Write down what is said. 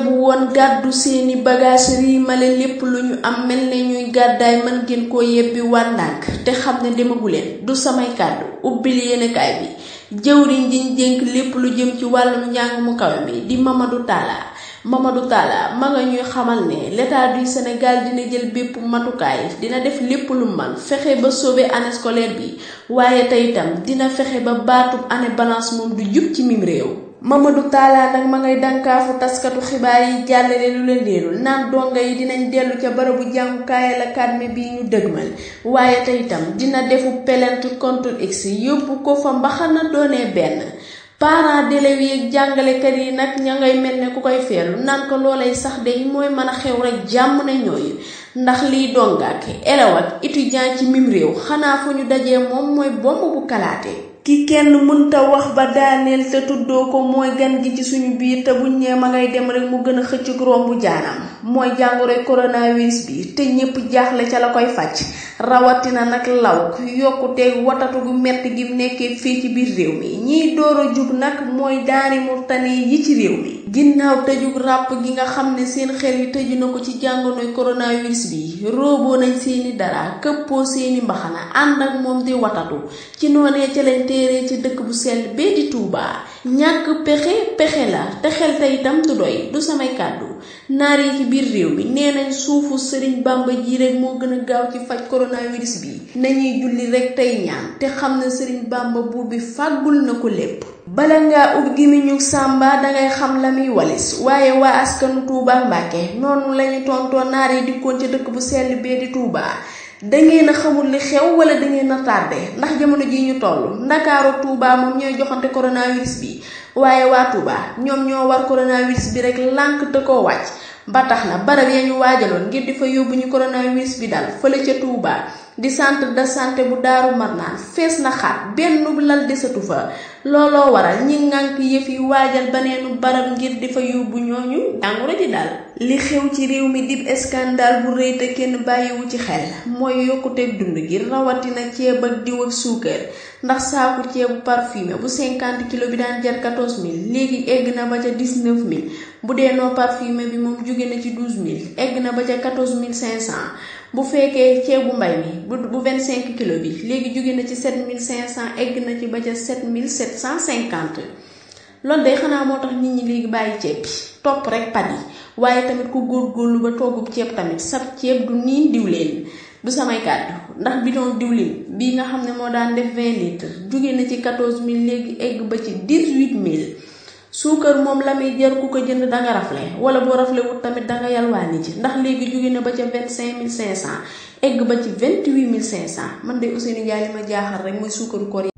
yebu woon gàddu seeni bagaas riimale lépp lu ñu am mel ne ñuy gàddaay mën ngeen koo yebbi wàndaank te xam ne demaguleen du samay kàddu ubbil yéenekaay bi jëwriñ jiñ dénk lépp lu jëm ci wàllum njàng mu kawe mi di Mamadou Talla Mamadou Talla ma nga ñuy xamal ne l'état du Sénégal dina jël bépp matukaay dina def lépp lu man fexe ba sauver année scolaire bi waaye tey itam dina fexe ba baatub année balance moom du jub ci mim réew ma Talla nag ma ngay dànkaafu taskatu xibaar yi jàllale lu leen leerul naan donga yi dinañ dellu ca barabu jàngukaay la kadmi bi ñu dëgmal waaye tey itam dina defu plainte contre x yóbbu ko fa mbaxana doonee benn parents d'élèves yi jàngalekat yi nag ña ngay mel ne ku koy feelu naan ko loolay sax de mooy mën a xew rek jàmm ne ñooyu ndax liy donga ak élève ak étudiant ci mim réew xanaa fu ñu dajee moom mooy bomb bu kalaatee ki kenn mënta wax ba daaneel te tuddoo ko mooy gan gi ci suñu biir te buñ nee ma ngay dem rek mu gën a xëcc rombu jaanam mooy jàngoroy coronavirus bi te ñépp jaaxle ca la koy faj rawatina nag law yokkute watatu gu metti gi nekkee fii ci biir réew mi ñiy door a jug nag mooy daari murtani yi ci réew mi ginnaaw tëjug ràpp gi nga xam ne seen xel yi tëju na ko ci jàngoroy coronavirus bi rooboo nañ seeni dara këppoo seeni mbaxana ànd ak moom di watatu ci noonee ca lañ réere ci dëkk bu sell bee di Touba ñàkk pexe pexe la te xel te itam du doy du samay kàddu naar yi ci biir réew mi nee nañ suufu sëriñ Bamba ji rek moo gën a gaaw ci faj coronavirus bi nañuy julli rek tey ñaan te xam na sëriñ Bamba buur bi fàggul na ko lépp. bala ngaa ut gémmiñu sàmba dangay xam la muy walis waaye waa askanu Touba Mbàkke noonu lañu tontoo naar yi dikkoon ci dëkk bu sell bee di tuubaa dangeen a xamul li xew wala dangeen a tardé ndax jamono ji ñu toll ndakaaru Touba moom ñooy joxante coronavirus bi waaye waa Touba ñoom ñoo war coronavirus bi rek lànk te ko wàcc ba tax na barab ya ñu waajaloon ngir di fa yóbbu ñu coronavirus bi dal fële ca Touba. di centre de santé bu daaru marnaan fees na xaat benn lal desatu fa looloo waral ñi ngànk yëf yi waajal baneenu barab ngir di fa yóbbu ñooñu jàngoro ji daal li xew ci réew mi dib scandale bu rëy te kenn bàyyiwu ci xel mooy yokkuteeg dund gi rawatina ceeb ak diw ak suukar ndax saaku ceebu parfumé bu 50 kilo bi daan jar 14000 léegi egg na ba ca 19000 bu dee non parfumé bi moom jóge na ci 12000 egg na ba ca 14500. bu fekkee ceebu mbay mi bu bu vingt cinq kilo bi léegi jóge na ci sept mille cinq cent egg na ci ba ca sept mille sept cent cinquante loolu de xanaa moo tax nit ñi léegi bàyyi ceeb bi topp rek pan yi waaye tamit ku góor góorlu ba toggub ceeb tamit sab ceeb du niin diwleen bu samay kàddu ndax bidon diwlin bii nga xam ne moo daan def vingt litres jóge na ci quatorze mille léegi egg ba ci dix huit mille suukar moom la muy jar ku ko jënd danga rafle wala boo rafle wut tamit danga yalwaani ji ndax léegi jóge na ba ca vingt cinq mille cinq cent egg ba ci vingt huit mille cinq cent man de Ousseynou Ndiaye li ma jaaxal rek mooy suukaru koor